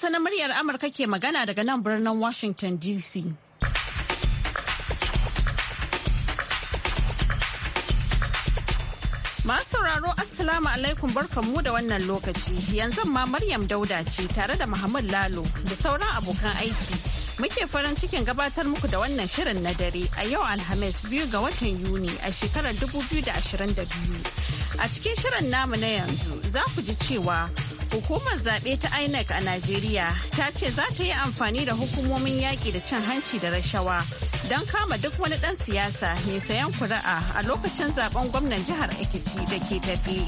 Hausa na muryar Amurka ke magana daga nan birnin Washington DC. Masu sauraro Assalamu alaikum barkanmu da wannan lokaci. Yanzu ma Maryam Dauda ce tare da Muhammad Lalo da sauran abokan aiki. Muke farin cikin gabatar muku da wannan shirin na dare a yau Alhamis biyu ga watan Yuni a shekarar 2022. A cikin shirin namu na yanzu za ku ji cewa Hukumar zaɓe ta INEC a Najeriya ta ce za ta yi amfani da hukumomin yaƙi da cin hanci da rashawa don kama duk wani ɗan siyasa mai sayan kuri'a a lokacin zaben gwamnan jihar Ekiti da ke tafi.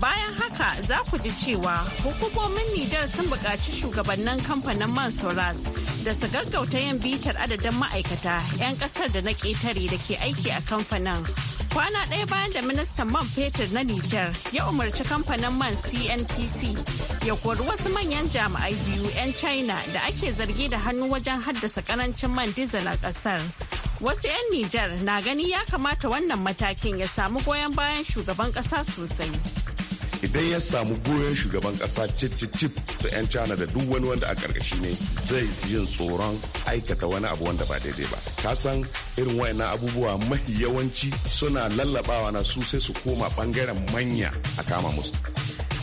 bayan haka za ku ji cewa hukumomin Nijar sun buƙaci shugabannin kamfanin man Soras da su gaggauta yin bitar adadin ma'aikata 'yan ƙasar da na ƙetare da ke aiki a kamfanin Kwana ɗaya bayan da ministan man fetur na Nijar ya umarci kamfanin man CNPC ya kori wasu manyan jami'ai biyu 'yan China da ake zargi da hannu wajen haddasa karancin man dizal a ƙasar. Wasu 'yan Nijar na gani ya kamata wannan matakin ya samu goyon bayan shugaban ƙasa sosai. idan ya samu goyon shugaban kasa cip da 'yan cana da duk wani wanda a karkashi ne zai yin tsoron aikata wani abu wanda ba daidai ba kasan irin wayannan abubuwa mahi yawanci suna lallabawa na su sai su koma bangaren manya a kama musu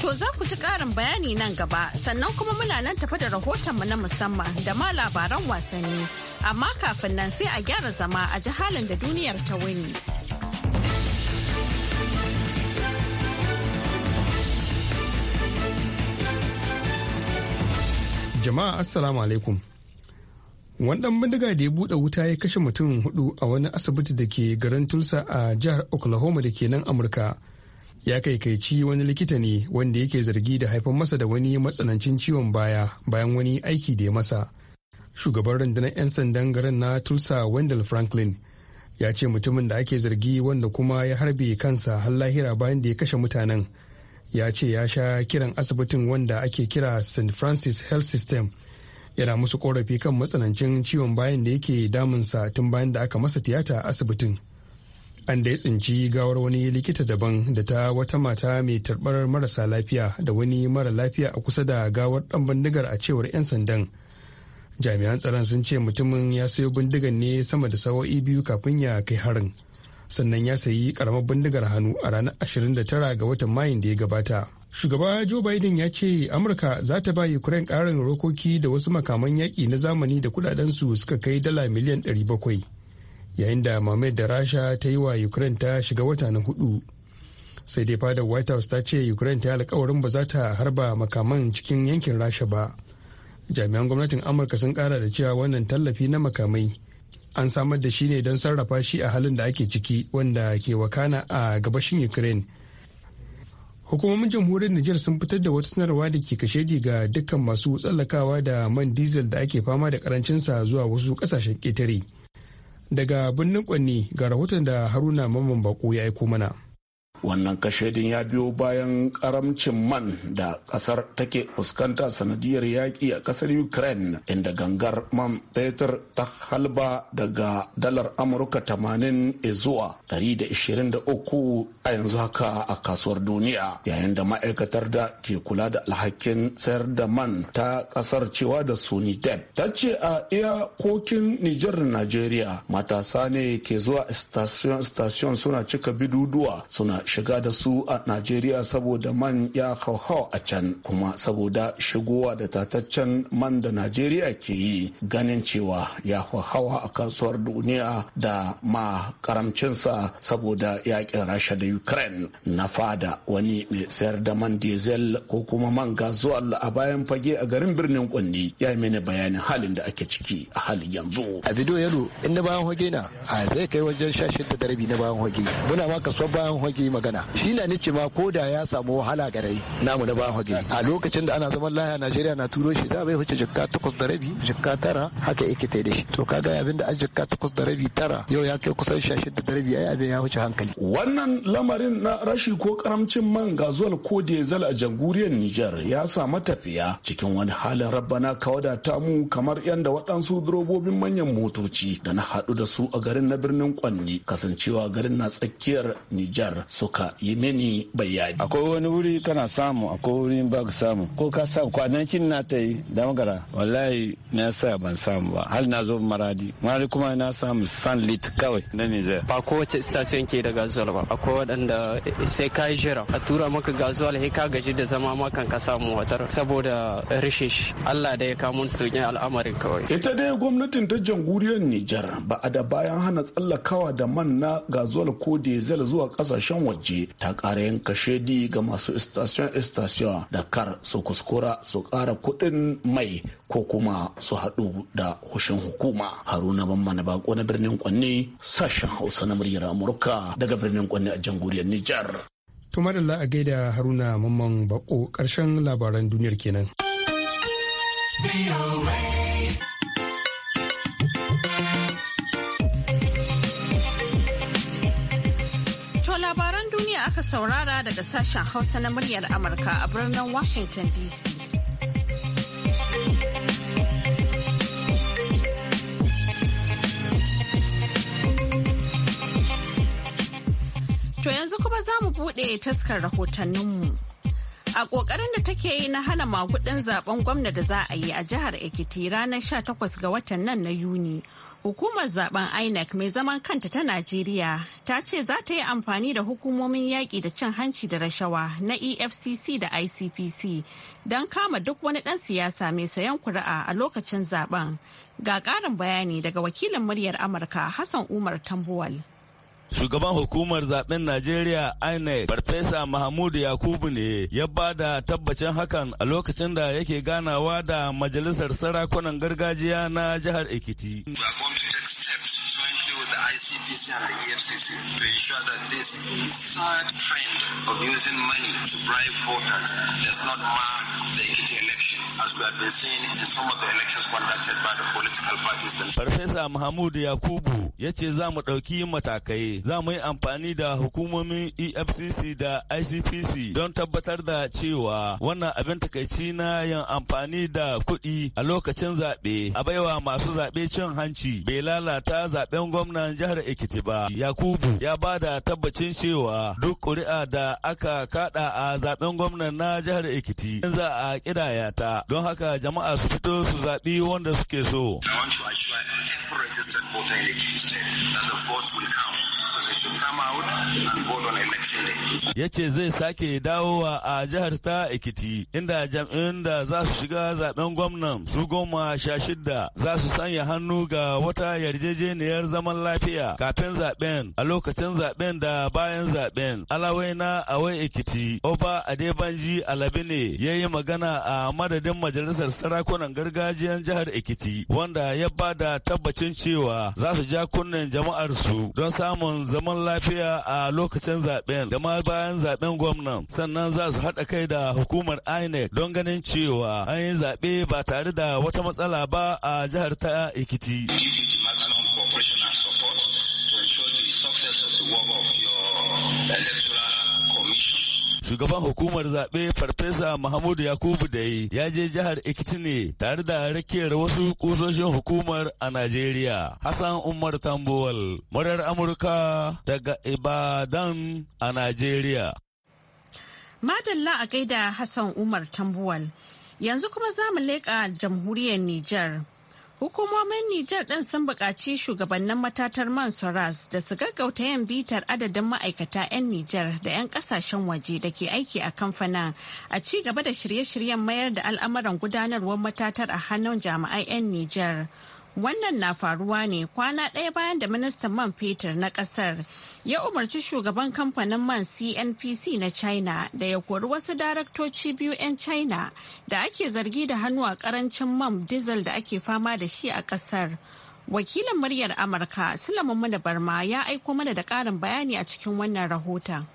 To za ku ji ƙarin bayani nan gaba sannan kuma muna nan tafi da rahotonmu na musamman da ma labaran wasanni. Amma kafin nan sai a gyara zama a jihalin da duniyar ta wuni. Jama'a Assalamu alaikum. Wani ɗan bindiga da ya buɗe wuta ya kashe mutum hudu a wani asibiti da ke garin Tulsa a jihar Oklahoma da ke nan Amurka. Ya kaikaici wani likita ne wanda yake zargi da haifar masa da wani matsanancin ciwon baya bayan wani aiki da ya masa. Shugaban rundunar 'yan sandan garin na Tulsa Wendell Franklin ya ce mutumin da ake zargi wanda kuma ya harbe kansa har lahira bayan da ya kashe mutanen. ya ce ya sha kiran asibitin wanda ake kira st francis health system yana musu korafi kan matsanancin ciwon bayan da yake damunsa tun bayan da aka masa tiyata a asibitin an da ya tsinci gawar wani likita daban da ta wata mata mai tarbar marasa lafiya da wani mara lafiya a kusa da gawar dan bindigar a cewar 'yan sandan jami'an tsaron sun ce mutumin ya sayo bindigan ne sama da sawo'i biyu kafin ya kai harin sannan ya sayi karamar bindigar hannu a ranar 29 ga watan mayun da ya gabata shugaba joe biden ya ce amurka za ta ba ukraine karin rokoki da wasu makaman yaƙi na zamani da kudadensu suka kai dala miliyan 700 yayin da mamayar da rasha ta yi wa ukraine ta shiga wata na hudu sai dai fadar white house ta ce ukraine ta yi alkawarin ba za ta harba makaman cikin yankin rasha ba jami'an gwamnatin amurka sun kara da cewa wannan tallafi na makamai an samar da shi ne don sarrafa shi a halin da ake ciki wanda ke wakana a gabashin ukraine hukumomin jamhuriyar niger sun fitar da wata sanarwa da ke kashedi ga dukkan masu tsallakawa da man diesel da ake fama da karancinsa zuwa wasu kasashen ƙetare daga birnin kwanni ga rahoton da haruna mamman bako ya aiko mana wannan kashedin ya biyo bayan karamcin man da kasar take fuskanta sanadiyar yaƙi a kasar ukraine inda gangar man fetur ta halba daga dalar amurka 80 zuwa 123 a yanzu haka a kasuwar duniya yayin da ma'aikatar da ke kula da alhakin sayar da man ta kasar cewa da sunidep ta ce a iyakokin nijar najeriya matasa ne ke zuwa station suna cika biduduwa suna shiga da su a Najeriya saboda man ya hauhau a can kuma saboda shigowa da tataccen man da Najeriya ke yi ganin cewa ya hauhawa a kasuwar duniya da ma karamcinsa saboda yakin Rasha da Ukraine na fada wani mai sayar da man diesel ko kuma man gazuwal a bayan fage a garin birnin kundi ya yi mini bayanin halin da ake ciki a halin yanzu. A bidiyo yalo inda bayan hage na a zai kai wajen sha da darabi na bayan hage muna ma kasuwar bayan ma. magana shi na nice ma ko da ya samu wahala rai namu na bahu hage a lokacin da ana zaman laya najeriya na turo shi da bai wuce jikka takwas da rabi jikka tara haka yake tai da shi to kaga abin da an jikka takwas da rabi tara yau ya kai kusan sha da rabi ai abin ya wuce hankali wannan lamarin na rashi ko karamcin man gazuwal ko diesel a jamhuriyar nijar ya sa matafiya cikin wani halin rabbana kawada ta mu kamar da waɗansu durobobin manyan motoci da na haɗu da su a garin na birnin kwanni kasancewa garin na tsakiyar nijar. suka yi mini bayani akwai wani wuri kana samu akwai wuri ba ka samu ko ka samu kwanakin na ta yi damgara wallahi na sa ban samu ba hal na zo maradi maradi kuma na samu san lit kawai na nijar ba kowace station ke da gazuwal ba akwai waɗanda sai ka jira a tura maka gazuwal sai ka gaji da zama ma kan ka samu watar saboda rishish Allah da ya kamun sauƙin al'amarin kawai ita dai gwamnatin ta jamhuriyar Nijar ba a da bayan hana tsallakawa da man na gazuwal ko diesel zuwa kasashen waje waje ta ƙara yin shaidi ga masu station station da kar su kuskura su ƙara kuɗin mai ko kuma su haɗu da hushin hukuma haruna mamman bako na birnin kwanne sashen hausa na muryar amurka daga birnin kwanne a jamhuriyar nijar tumarilla a gaida haruna mamman bako ƙarshen labaran duniyar kenan. saurara daga sashen Hausa na muryar Amurka a birnin Washington DC. To yanzu kuma za mu buɗe taskar rahotanninmu. A ƙoƙarin da take yi na hana magudin zaben gwamna da za a yi a jihar Ekiti ranar 18 ga watan nan na Yuni. Hukumar zaben INEC mai zaman kanta ta Najeriya ta ce za ta yi amfani da hukumomin yaƙi da cin hanci da rashawa na EFCC da ICPC don kama duk wani ɗan siyasa mai sayan kuri'a a lokacin zaben. Ga ƙarin bayani daga wakilin muryar Amurka Hassan Umar Tambuwal. Shugaban hukumar zaben Najeriya INEC Farfesa Mahmudu Yakubu ne ya ba da tabbacin hakan a lokacin da yake ganawa da majalisar sarakunan gargajiya na jihar Ekiti. ECC and the EFCC to ensure that this sad trend of using money to bribe voters does not mark the election as we have been seeing in some of the elections conducted by the political parties. Farfesa Mahmud Yakubu ya ce za mu ɗauki matakai za mu yi amfani da hukumomin EFCC da ICPC don tabbatar da cewa wannan abin takaici na yin amfani da kuɗi a lokacin zaɓe a baiwa masu zaɓe cin hanci bai lalata zaɓen gwamnan jihar Ekiti ba. Yakubu ya ba da tabbacin cewa duk ƙuri'a da aka kada a zaben gwamnan na jihar Ekiti za a kidaya ta don haka jama'a su fito su zaɓi wanda suke so. I want to assure every uh, registered voter in Ekiti state that the vote will count. Ya ce zai sake dawowa a jihar ta Ekiti inda jam'in da za su shiga zaben gwamnan su goma sha shidda za su sanya hannu ga wata yarjejeniyar zaman lafiya kafin zaben a lokacin zaben da bayan zaben. Alawai na Awai Ekiti Oba Adebanji ne ya yi magana a madadin majalisar sarakunan gargajiyar jihar Ekiti wanda ya ba da tabbacin cewa za su ja kunnen jama'ar su don samun zaman lafiya tarayya a lokacin zaben da ma bayan zaben gwamnan sannan za su haɗa kai da hukumar INEC don ganin cewa an yi zaɓe ba tare da wata matsala ba a jihar ta ikiti. shugaban hukumar zaɓe farfesa Muhammadu Yakubu Dai ya je jihar Ekiti ne tare da rakiyar wasu kusoshin hukumar a Najeriya. Hassan Umar Tambuwal, murar Amurka daga Ibadan a Najeriya. Madalla a gaida Hassan Umar Tambuwal. Yanzu kuma za mu leƙa jamhuriyar Nijar. Hukumomin Nijar ɗin sun buƙaci shugabannin matatar man Soras da su gaggauta yin bitar adadin ma'aikata 'yan Nijar da 'yan ƙasashen waje da ke aiki a kamfana a ci gaba da shirye-shiryen mayar da al'amuran gudanarwar matatar a hannun jami'ai 'yan Nijar. Wannan na faruwa ne kwana ɗaya bayan da ministan man fetur na ƙasar ya umarci shugaban kamfanin man CNPC na China da ya kori wasu daraktoci biyu 'yan China da ake zargi da hannu a karancin man diesel da ake fama da shi a kasar. Wakilin muryar Amurka Sulaiman Barma ya aiko mana da ƙarin bayani a cikin wannan rahoton.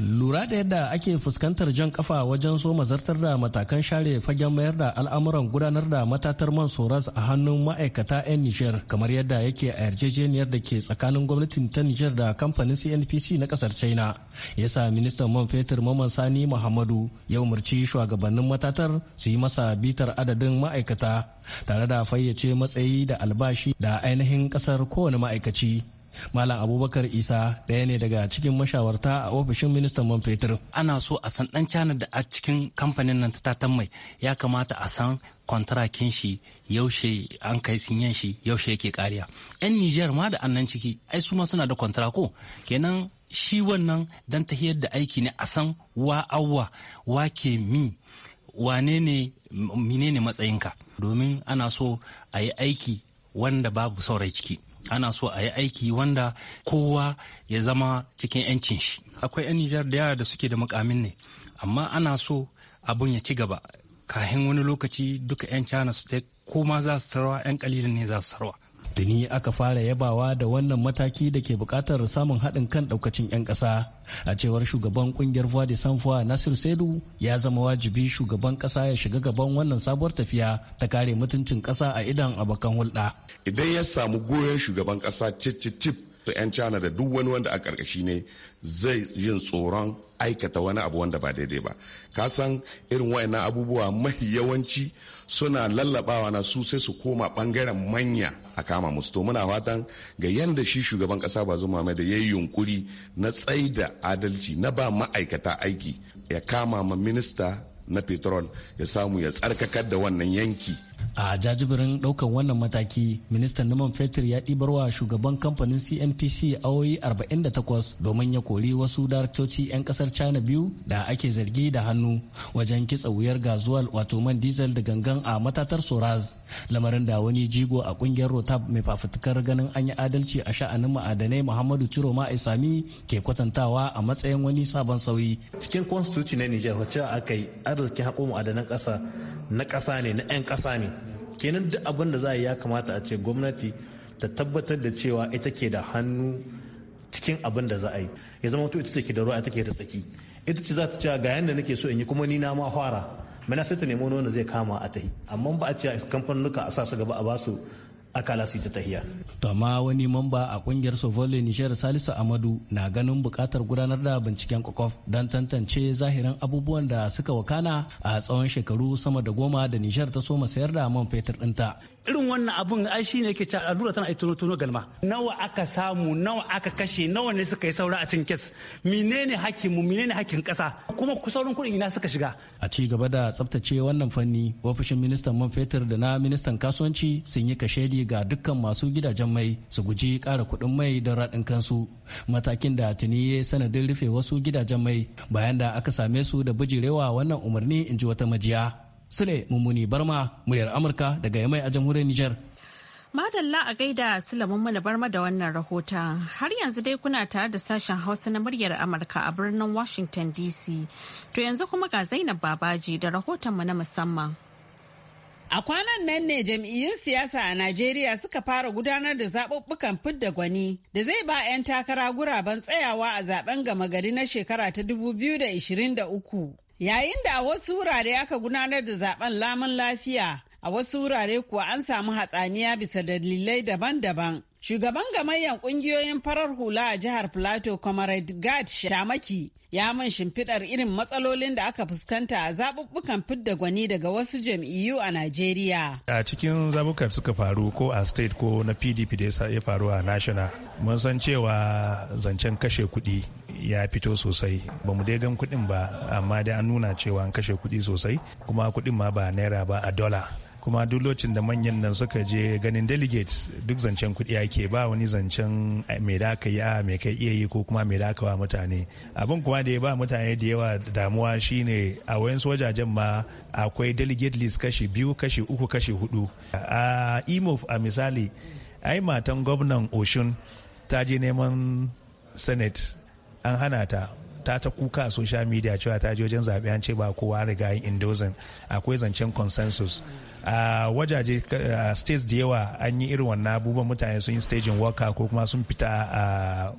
lura da yadda ake fuskantar jan kafa wajen so mazartar da matakan share fagen mayar da al'amuran gudanar da matatar man soras a hannun ma'aikata 'yan Niger, kamar yadda yake a yarjejeniyar da ke tsakanin gwamnatin ta Niger da kamfanin cnpc na kasar china ya sa ministan man fetur maman sani muhammadu ya umarci shugabannin matatar su yi masa bitar adadin ma'aikata tare da fayyace matsayi da albashi da ainihin kasar kowane ma'aikaci malam abubakar isa ɗaya ne daga cikin mashawarta a ofishin ministan man fetur ana so a san ɗan cana da a cikin kamfanin nan ta mai ya kamata a san kwantarakin shi yaushe an kai sinyan shi yaushe yake kariya yan Nijar ma da annan ciki ai su ma suna da ko kenan shi wannan dan tahiyar da aiki ne a san wa awwa wa ke mi wane ne mine ne matsayinka domin ana so a yi aiki wanda babu saurayi ciki ana so a yi aiki wanda kowa ya zama cikin 'yancin shi akwai 'yan nijar da yara da suke da mukamin ne amma ana so abun ya ci gaba kahin wani lokaci duka 'yan cana su ta koma za su sarwa 'yan kalilin ne za su sarwa tuni aka fara yabawa da wannan mataki da ke bukatar samun haɗin kan ɗaukacin 'yan ƙasa a cewar shugaban kungiyar voa de sanfoa nasir sedu ya zama wajibi shugaban ƙasa ya shiga gaban wannan sabuwar tafiya ta kare mutuncin ƙasa a idan abokan hulɗa idan ya samu goyon shugaban ƙasa cicicip to 'yan cana da duk wani wanda a ƙarƙashi ne zai yin tsoron aikata wani abu wanda ba daidai ba ka san irin wayannan abubuwa mahi yawanci suna lallabawa na su sai su koma ɓangaren manya a kama musu to muna fatan ga yanda shi shugaban kasa ba zuma mai ya yi yunkuri na da adalci na ba ma'aikata aiki ya kama ma minista na petrol ya samu ya tsarkakar da wannan yanki a jajibirin daukan wannan mataki ministan naman fetur ya ɗibarwa shugaban kamfanin cnpc awoyi 48 domin ya kori wasu daraktoci 'yan kasar china biyu da ake zargi da hannu wajen kitsa wuyar gazuwal wato man diesel da gangan a matatar soraz lamarin da wani jigo a kungiyar rotab mai fafutukar ganin an yi adalci a sha'anin ma'adanai muhammadu ciro isami ke kwatantawa a matsayin wani sabon sauyi cikin constitution na niger wacce aka yi adalci haƙo ma'adanan ƙasa na ƙasa ne na 'yan ƙasa ne ne kenan duk abin da za a yi ya kamata a ce gwamnati ta tabbatar da cewa ita ke da hannu cikin abin da za a yi ya zama ita ce ke da ruwa ita ke da tsaki ita ce za ta cewa ga yanda nake so in yi kuma ni na ma fara mana sai ta nemo wanda zai kama a tahi amma ba a ce kamfanuka a sa su gaba a basu akala su ta tahiya. Tama wani mamba a kungiyar Sovole nijar Salisu Amadu na ganin bukatar gudanar da binciken kwakwaf don tantance zahirin abubuwan da suka wakana a tsawon shekaru sama da goma da nijar ta soma sayar da man fetur ɗinta. irin wannan abun ai shine yake cewa allura tana tono tono galma nawa aka samu nawa aka kashe nawa ne suka yi saura a cikin kes menene hakkin mu menene hakkin kasa kuma ku sauran ina suka shiga a ci gaba da tsaftace wannan fanni ofishin ministan man fetur da na ministan kasuwanci sun yi kashedi ga dukkan masu gidajen mai su guji ƙara kuɗin mai don raɗin kansu matakin da tuni ya sanadin rufe wasu gidajen mai bayan da aka same su da bijirewa wannan umarni in ji wata majiya Sule Mummuni Barma muryar Amurka daga Yamai a jamhuriyar Nijar. Madalla a gaida Sule Mummuni Barma da wannan rahota. Har yanzu dai kuna tare da sashen Hausa na muryar Amurka a birnin Washington DC. To yanzu kuma ga Zainab Babaji da rahoton mu na musamman. A kwanan nan ne jam'iyyun siyasa a Najeriya suka fara gudanar da zaɓuɓɓukan fidda gwani da zai ba 'yan takara guraben tsayawa a zaben gama gari na shekara ta 2023. Yayin da a wasu wurare aka gudanar da zaben lamun lafiya, a wasu wurare kuwa an samu hatsaniya bisa dalilai daban-daban. Shugaban gamayyar kungiyoyin farar hula a jihar Plateau, Comrade Gad Shamaki, ya mun shimfiɗar irin matsalolin da aka fuskanta a zaɓuɓɓukan fidda gwani daga wasu jam'iyyu a Najeriya. A cikin zaɓuɓɓukan suka faru ko a state ko na PDP da ya faru a national mun san cewa zancen kashe kuɗi ya fito sosai ba mu dai gan kuɗin ba amma dai an nuna cewa an kashe kuɗi sosai kuma kuɗin ma ba naira ba a dola. kuma duk lokacin da manyan nan suka je ganin delegates duk zancen kuɗi ake ba wani zancen mai da aka yi a me kai iya yi ko kuma mai da aka wa mutane abin kuma da ya ba mutane da yawa damuwa shine a wayansu wajajen ma akwai delegate list kashi biyu kashi uku kashi hudu a imo a misali ai matan gwamnan oshun ta je neman senate an hana ta ta ta kuka a social media cewa ta je wajen zaɓe an ce ba kowa riga yin endozin akwai zancen consensus a wajaje states da yawa an yi irin wannan abubuwan mutane sun yi staging waka ko kuma sun fita a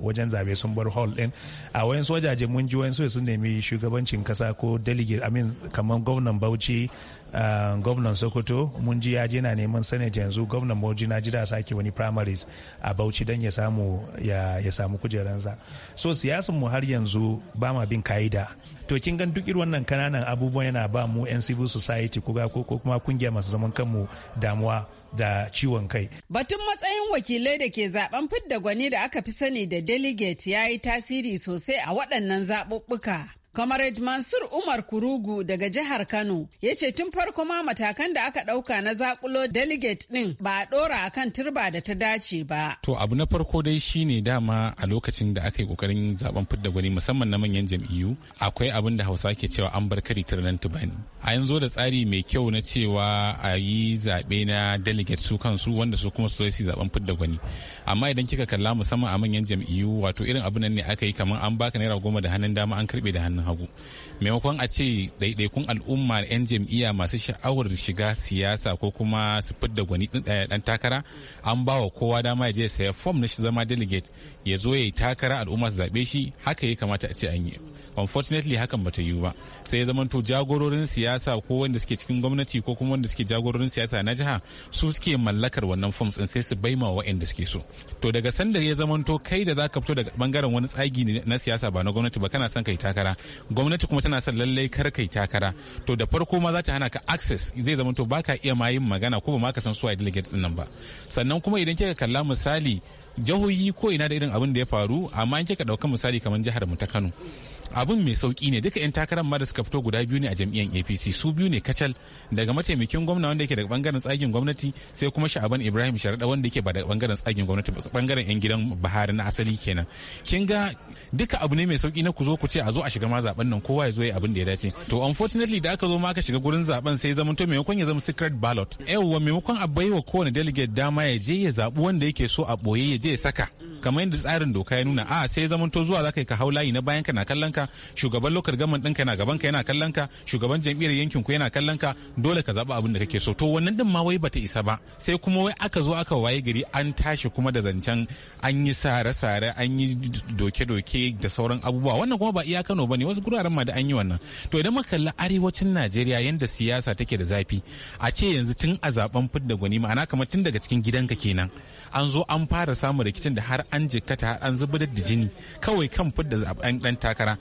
wajen zabe sun bar hall din a wayansu wajaje mun ji wayansu sun nemi shugabancin kasa ko delegate amin kamar gwamnan bauchi Eh, gwamnan sokoto mun ji ya je na neman senate yanzu gwamnan moji na ji da sake wani primaries a bauchi don ya samu ya samu kujeransa so siyasan mu har yanzu ba ma bin ka'ida to kin gan duk irin wannan kananan abubuwan yana ba mu 'yan civil society ko kuma kungiya masu zaman kanmu damuwa da ciwon kai. Batun matsayin wakilai da ke zaben fidda gwani da aka fi sani da delegate ya yi tasiri sosai a waɗannan zaɓuɓɓuka. Comrade Mansur Umar Kurugu daga jihar Kano ya ce tun farko ma matakan da aka ɗauka na zakulo delegate ɗin ba a ɗora a kan turba da ta dace ba. To abu na farko dai shine dama a lokacin da aka yi ƙoƙarin zaben fidda gwani musamman na manyan jam'iyyu akwai abin da Hausa ke cewa an bar kari turnan tubani. A yanzu da tsari mai kyau na cewa a yi zaɓe na delegate su kansu wanda su kuma su su zaben fidda gwani. Amma idan kika kalla musamman a manyan jam'iyyu wato irin abin nan ne aka yi kamar an baka naira goma da hannun dama an karɓe da hannun na hagu maimakon a ce ɗaiɗaikun al'umma da 'yan jam'iyya masu sha'awar shiga siyasa ko kuma su fidda gwani eh, ɗan takara an ba wa kowa dama ya je saya fom na shi zama delegate ya zo ya yi takara al'umma su zaɓe shi haka ya kamata a ce an yi unfortunately hakan bata yiwu ba sai ya to jagororin siyasa ko wanda suke cikin gwamnati ko kuma wanda suke jagororin siyasa na jiha su suke mallakar wannan fom din sai su baima wa waɗanda suke so to daga sanda ya zamanto kai da zaka fito daga bangaren wani tsagi na siyasa ba na gwamnati ba kana son kai takara gwamnati kuma kana son lallai kar kai takara to da farko ma za ta hana ka access zai zama to baka iya ma yin magana ko ba ma ka san su a delegates din nan ba sannan kuma idan kika kalla misali jihohi ko ina da irin abin da ya faru amma in kika dauka misali kamar jihar mu ta Kano abin mai sauki ne duka 'yan takarar ma da suka fito guda biyu ne a jam'iyyar apc su biyu ne kacal daga mataimakin gwamna wanda yake daga bangaren tsagin gwamnati sai kuma sha'aban ibrahim sharaɗa wanda yake ba daga bangaren tsagin gwamnati ba bangaren 'yan gidan bahari na asali kenan kin ga duka abu ne mai sauki na ku zo ku ce a zo a shiga ma zaben nan kowa ya zo ya abin da ya dace to unfortunately da aka zo ma aka shiga gurin zaben sai zama to maimakon ya zama secret ballot yawwa maimakon a baiwa kowane delegate dama ya je ya zaɓi wanda yake so a ɓoye ya je ya saka kamar yadda tsarin doka ya nuna a sai zama to zuwa zaka yi ka hau layi na bayan ka na kallon ka ka shugaban lokal gaman ɗinka yana gaban ka yana kallon ka shugaban jam'iyyar yankin ku yana kallon ka dole ka zaɓi abin da kake so to wannan din ma wai bata isa ba sai kuma wai aka zo aka waye gari an tashi kuma da zancen an yi sare-sare an yi doke-doke da sauran abubuwa wannan kuma ba iya Kano bane wasu guraren ma da an yi wannan to idan muka kalli arewacin Najeriya yanda siyasa take da zafi a ce yanzu tun a zaben fidda gwani ma'ana kamar tun daga cikin gidanka kenan an zo an fara samun rikicin da har an jikkata har an zubar da jini kawai kan fidda zaben dan takara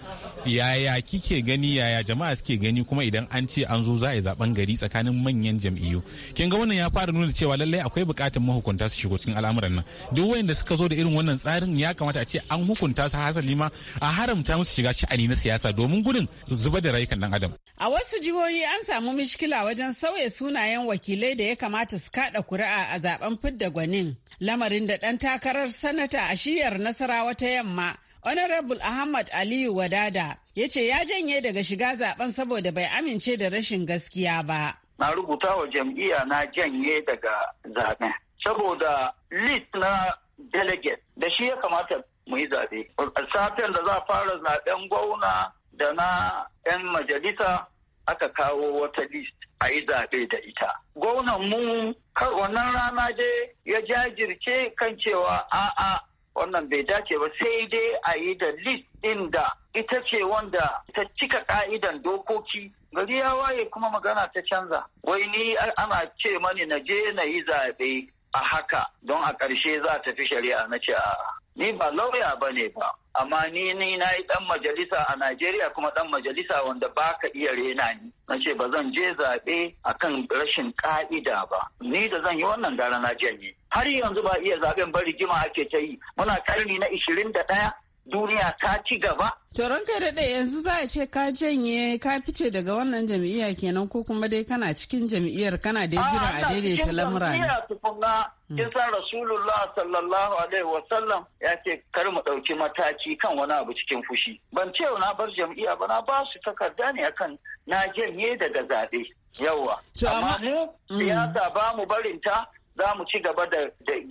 yaya kike gani yaya jama'a suke gani kuma idan an ce an zo za a yi zaben gari tsakanin manyan jam'iyyu kin ga wannan ya fara nuna cewa lallai akwai bukatar mahukunta su shigo cikin al'amuran nan duk wanda suka zo da irin wannan tsarin ya kamata a ce an hukunta su hasali ma a haramta musu shiga sha'ani na siyasa domin gudun zubar da rayukan dan adam a wasu jihohi an samu mishkila wajen sauya sunayen wakilai da ya kamata su kada kuri'a a zaben fidda gwanin lamarin da ɗan takarar sanata a shiyar nasarawa ta yamma honorable ahmad aliyu wadada ya ce ya janye daga shiga zaben saboda bai amince da rashin gaskiya ba na rubuta wa jam'iyya na janye daga zaben saboda list na delegate da shi ya kamata mu yi zaɓe. Safin da za a fara zaɓen gwauna da na 'yan majalisa aka kawo wata list a yi zaɓe da ita. Gwamnan mu kar wannan rana dai ya jajirce kan cewa a'a wannan bai dace ba sai dai a yi da list ɗin da ita ce wanda ta cika ƙa'idan dokoki gari ya waye kuma magana ta canza. Wai ni ana ce mani na je na yi zaɓe a haka don a ƙarshe za ta fi shari'a na ce a'a. ni ba lauya ba ne ba amma ni ni na yi dan majalisa a Najeriya kuma ɗan majalisa wanda ba ka iya rena ni na ce ba zan je zaɓe a kan rashin ƙa'ida ba ni da zan yi wannan gara na janye har yanzu ba iya zaɓen ba rigima ake ta yi muna ƙarni na ishirin da ɗaya duniya ta ci gaba. Toron kai daɗe yanzu za a ce ka janye ka fice daga wannan jam'iyya kenan ko kuma dai kana cikin jam'iyyar kana dai jira a daidaita lamura ne. tukunna hmm. kin Rasulullah sallallahu alaihi wa sallam ya ce kar mu ɗauki mataki kan wani abu cikin fushi. Ban ce na bar jam'iyya ba na ba su takarda ne akan na janye daga zaɓe. Yawwa. Amma mu hmm. siyasa ba mu barinta za mu ci gaba da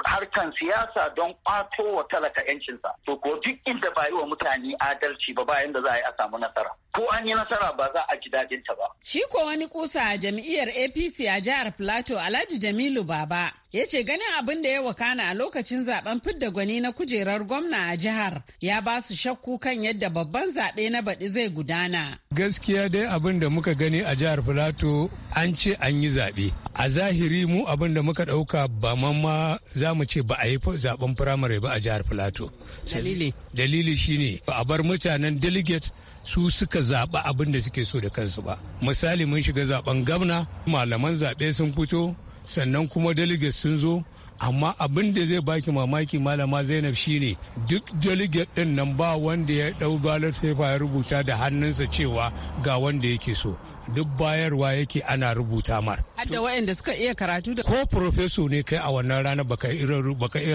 harkan siyasa don kwato wa talaka yancinsa to ko duk inda ba yi wa mutane adalci ba bayan da za a yi a samu nasara ko an yi nasara ba za a ji daɗin ba shi ko wani kusa a jam'iyyar APC a jihar Plateau Alhaji Jamilu Baba ya ce ganin abin da ya wakana a lokacin zaben fidda gwani na kujerar gwamna a jihar ya ba su shakku kan yadda babban zaɓe na baɗi zai gudana. Gaskiya dai abin da muka gani a jihar Filato an ce an yi zaɓe. A zahiri mu abin da muka ɗauka ba mamma za mu ce ba a yi zaben firamare ba a jihar Filato. Dalili. Dalili shine ba a bar mutanen delegate su suka zaɓa abin da suke so da kansu ba misali mun shiga zaɓen gwamna malaman zaɓe sun fito sannan kuma delegates sun zo amma abin da zai baki mamaki malama zainab shine duk delegate din nan ba wanda ya dau ballot paper ya rubuta da hannunsa cewa ga wanda yake so duk bayarwa yake ana rubuta mar. Hadda waɗanda suka iya karatu da. Ko profeso ne kai a wannan rana baka iya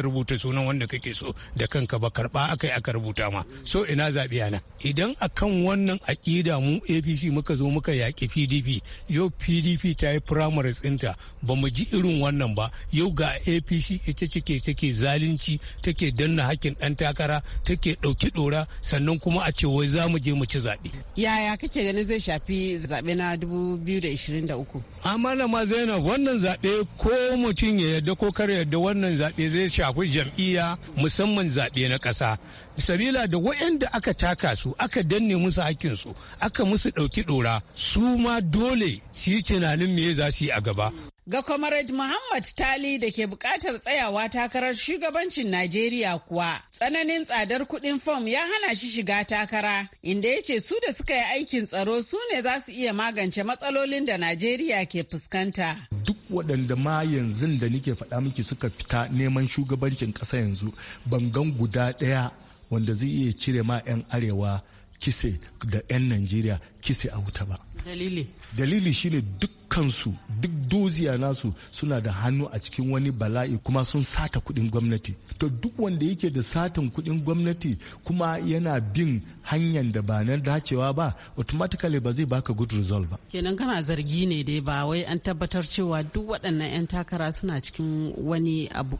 rubuta sunan wanda kake so da kanka ba karɓa aka aka rubuta ma. So ina zaɓi ana. Idan akan wannan aƙida mu APC muka zo muka yaƙi PDP yau PDP ta yi primaries ɗinta ba mu ji irin wannan ba yau ga APC ita cike take zalunci take danna hakkin ɗan takara take ɗauki ɗora sannan kuma a ce wai za mu je mu ci zaɓe. Yaya kake ganin zai shafi zaɓe na na 2023. Ah, malama zainab wannan zaɓe ko mutum ya yarda ko kar yarda wannan zaɓe zai shafi jam'iyya musamman zaɓe na ƙasa sabila da waɗanda aka taka su aka danne musu hakkinsu aka musu ɗauki ɗora su ma dole su yi tunanin me za su yi a gaba Ga Comrade Muhammad Tali da ke bukatar tsayawa takarar shugabancin Najeriya kuwa, tsananin tsadar kuɗin fom ya hana shi shiga takara, inda ya ce su da suka yi aikin tsaro su ne za su iya magance matsalolin da Najeriya ke fuskanta. Duk waɗanda ma yanzu da nike faɗa miki suka fita neman shugabancin ƙasa yanzu, bangan guda ɗaya wanda zai iya cire ma 'yan arewa kise da 'yan Najeriya kise a wuta ba. Dalili? Dalili shine dukkansu duk doziya nasu suna da hannu a cikin wani bala'i kuma sun sata kudin gwamnati. To duk wanda yake da satan kudin gwamnati kuma yana bin hanyar da ba na dacewa ba automatically ba zai baka good result ba. Kenan kana zargi ne dai ba wai an tabbatar cewa duk waɗannan 'yan takara suna cikin wani abu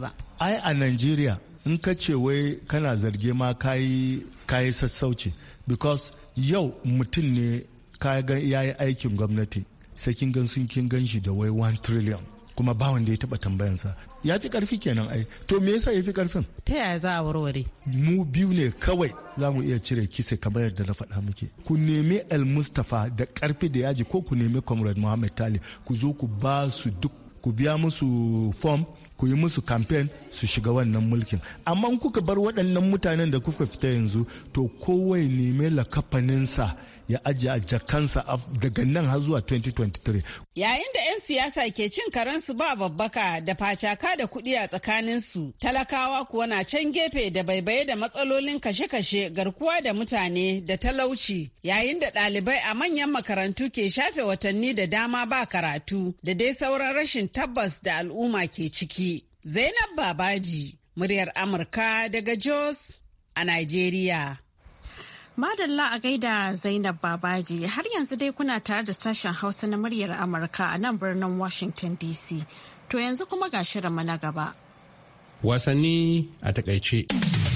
ba. Ai a Najeriya in ka ce wai kana zarge ma kayi kayi sassauci because yau mutum ne ga ya yi aikin gwamnati sai kin gan sun kin gan shi da wai 1 trillion kuma ba wanda ya taba tambayansa ya fi karfi kenan ai to me yasa ya fi karfin ta yaya za a warware mu biyu ne kawai za mu iya cire kise kamar yadda na faɗa muke ku nemi al mustafa da karfi da yaji ko ku nemi comrade muhammad tali ku zo ku ba su duk ku biya musu form ku yi musu kamfen su shiga wannan mulkin amma kuka bar waɗannan mutanen da kuka fita yanzu to kowai neme lakafaninsa ya ajiye a jakansa daga nan har zuwa 2023. Yayin da 'yan siyasa ke cin karensu ba babbaka da facaka da kuɗi a tsakaninsu, talakawa kuwa na can gefe da baibaye da matsalolin kashe-kashe garkuwa da mutane da talauci, yayin da ɗalibai a manyan makarantu ke shafe watanni da dama ba karatu da dai sauran rashin tabbas da al'umma ke ciki. Zainab Babaji, muryar Amurka daga Jos a Nigeria. Madalla a gaida Zainab Babaji har yanzu dai kuna tare da sashen Hausa na muryar Amurka a nan birnin Washington DC. To yanzu kuma ga shirinmu na gaba. Wasanni a takaice.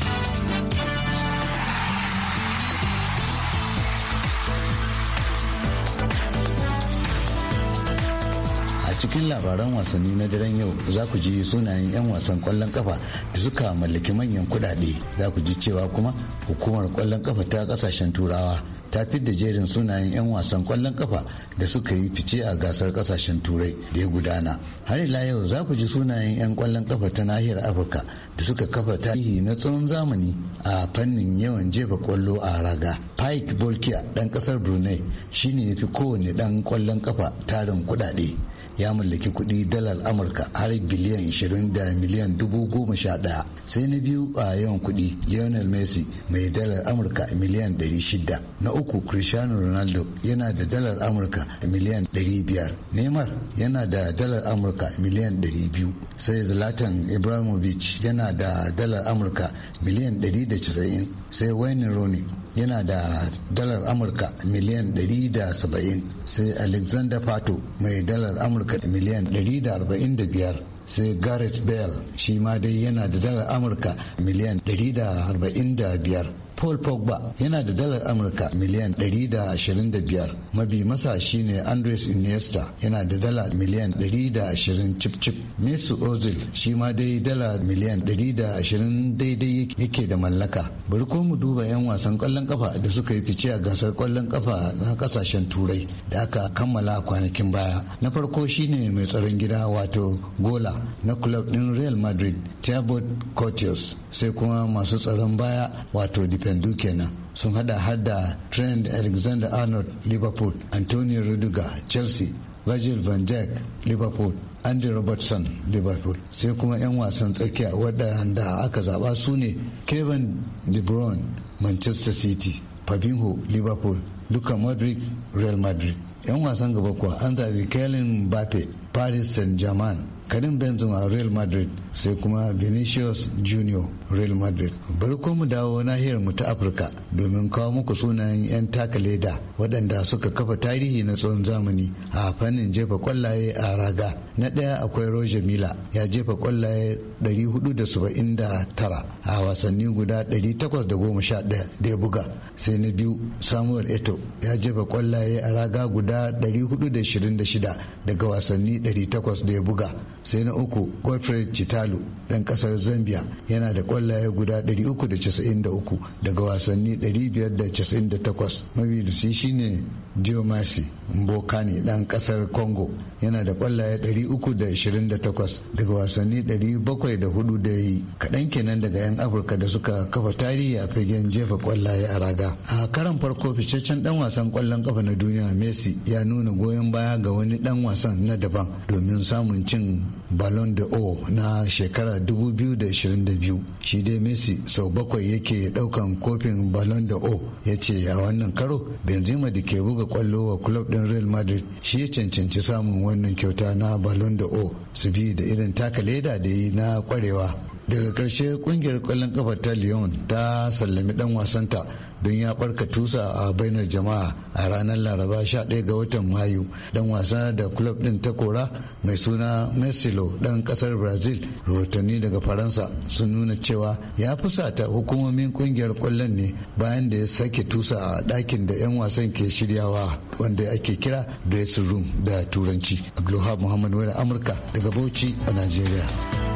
labaran wasanni na daren yau za ku ji sunayen 'yan wasan kwallon kafa da suka mallaki manyan kudade za ku ji cewa kuma hukumar kwallon kafa ta kasashen turawa ta fi da jerin sunayen 'yan wasan kwallon kafa da suka yi fice a gasar kasashen turai da ya gudana har ila yau za ku ji sunayen 'yan kwallon kafa ta nahiyar afirka da suka kafa tarihi na tsawon zamani a fannin yawan jefa kwallo a raga pike bolkiya dan kasar brunei shine ya fi kowane dan kwallon kafa tarin kudade ya mallaki kuɗi dalar amurka har biliyan 20 da miliyan dubu goma sha ɗaya sai na biyu a yawan kuɗi lionel messi mai dalar amurka miliyan 600 na uku cristiano ronaldo yana da dalar amurka miliyan 500 neymar yana da dalar amurka miliyan 200 sai zlatan ibrahimovic yana da dalar amurka miliyan 190 sai wayne roni yana da dalar amurka miliyan 170 sai alexander pato mai dalar amurka miliyan 145 sai gareth bell shi ma dai yana da dalar amurka miliyan 145 Paul Pogba yana da dalar Amurka miliyan 125 mabi masa shine Andres Iniesta yana da dala miliyan 120 cip cip. Mesut Ozil shi ma dai dala miliyan 120 daidai yake da mallaka. Bari ko mu duba 'yan wasan kwallon kafa da suka yi fice a gasar kwallon kafa na kasashen turai da aka kammala kwanakin baya. Na farko shine mai tsaron gida wato Gola na club din Real Madrid, Thibaut Courtois sai kuma masu tsaron baya wato tandu kenan sun hada har da trent alexander arnold liverpool antonio rudiger chelsea virgil van dijk liverpool andy robertson liverpool sai kuma 'yan wasan tsakiya waɗanda aka zaɓa su ne kevin de bruyne manchester city fabinho liverpool luka modric real madrid 'yan wasan gaba kuwa an zaɓi kelin mbappe paris saint-germain karim benzema real madrid sai kuma vinicius junior real madrid bari ko mu dawo nahiyar mu ta afirka domin kawo muku sunayen 'yan taka leda waɗanda suka kafa tarihi na tsawon zamani a fannin jefa kwallaye a raga na ɗaya akwai roger mila ya jefa kwallaye 479 a wasanni guda 811 da ya buga sai na biyu samuel eto ya jefa kwallaye a raga guda 426 daga wasanni 800 da ya buga sai na uku godfrey chita Salo dan kasar Zambia yana da kwallaye guda 393 daga wasanni 598 mabidisi shine Diomasi Mbokani dan kasar Congo yana da kwallaye 328 daga wasanni 704 da yi kaɗan kenan daga 'yan Afirka da suka kafa tarihi a fagen jefa kwallaye a raga. A karan farko ficeccen ɗan wasan kwallon kafa na duniya Messi ya nuna goyon baya ga wani ɗan wasan na daban domin samun cin ballon de o na shekara 2022 shi dai messi sau bakwai yake daukan kofin ballon de o ya ce a wannan karo benzema da ke buga kwallo wa club din real madrid shi ya cancanci samun wannan kyauta na ballon de o su bi da irin taka leda da yi na kwarewa daga karshe kungiyar kwallon kafa ta lyon ta sallami dan wasanta don ya barka tusa a bainar jama'a a ranar laraba 11 ga watan mayu dan wasa da club din ta kora mai suna mesilo dan kasar brazil rahotanni daga faransa sun nuna cewa ya fusata hukumomin kungiyar kwallon ne bayan da ya sake tusa a dakin da 'yan wasan ke shiryawa wanda ake kira dressing room da turanci abdulhab muhammad wani amurka daga bauchi a nigeria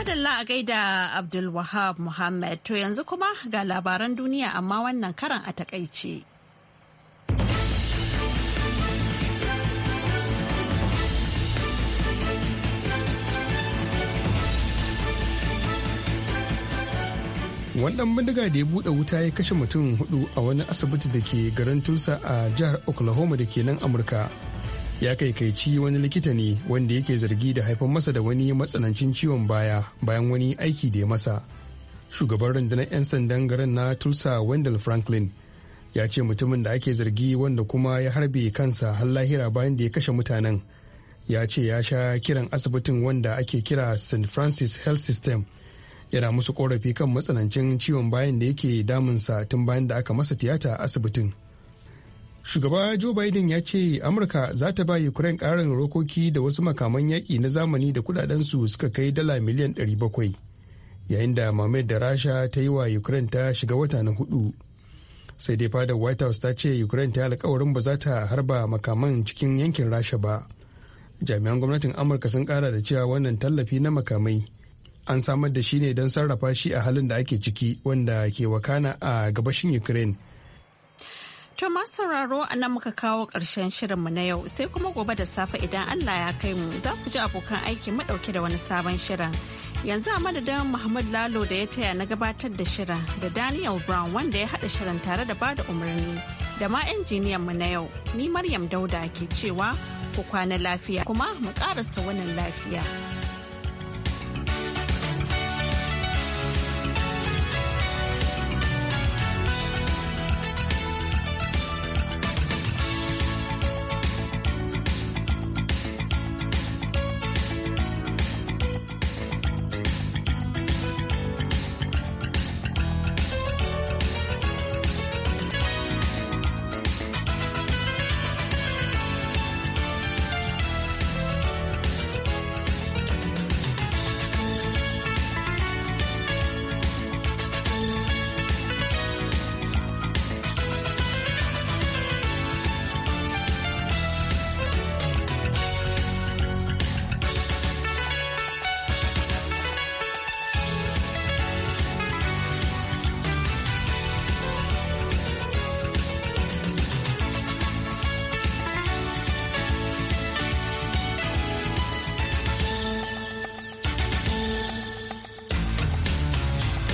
madalla a gaida Abdulwahab Muhammad to yanzu kuma ga labaran duniya amma wannan karan a takaice. wannan bindiga da ya buɗe wuta ya kashe mutum hudu a wani asibiti da ke garin tulsa a jihar oklahoma da ke nan amurka ya kaikaici wani likita ne wanda yake zargi da haifar masa da wani matsanancin ciwon baya bayan wani aiki da ya masa shugaban rundunar 'yan sandan garin na tulsa wendell franklin ya ce mutumin da ake zargi wanda kuma ya harbe kansa har lahira bayan da ya kashe mutanen ya ce ya sha kiran asibitin wanda ake kira st francis health system yana musu korafi kan matsanancin ciwon bayan da yake damunsa tun bayan da aka masa tiyata a asibitin shugaba joe biden ya ce amurka za ta ba ukraine karin rokoki da wasu makaman yaki na zamani da kudadensu suka kai dala miliyan 700 yayin da mamayar da rasha ta yi wa ukraine ta shiga wata na hudu sai dai fadar white house ta ce ukraine ta alkawarin ba za ta harba makaman cikin yankin rasha ba jami'an gwamnatin amurka sun kara da cewa wannan tallafi na makamai an samar da shi ne don sarrafa shi a halin da ake ciki wanda ke wakana a gabashin ukraine To masu sauraro a nan muka kawo ƙarshen shirinmu na yau sai kuma gobe da safe idan Allah ya kai mu za ku ji abokan aiki ɗauke da wani sabon shirin. Yanzu a madadin Muhammad Lalo da ya taya na gabatar da shirin da Daniel Brown wanda ya haɗa shirin tare da bada umarni da ma injiniyan mu na yau ni Maryam Dauda ke cewa ku kwana lafiya kuma mu ƙarasa wannan lafiya.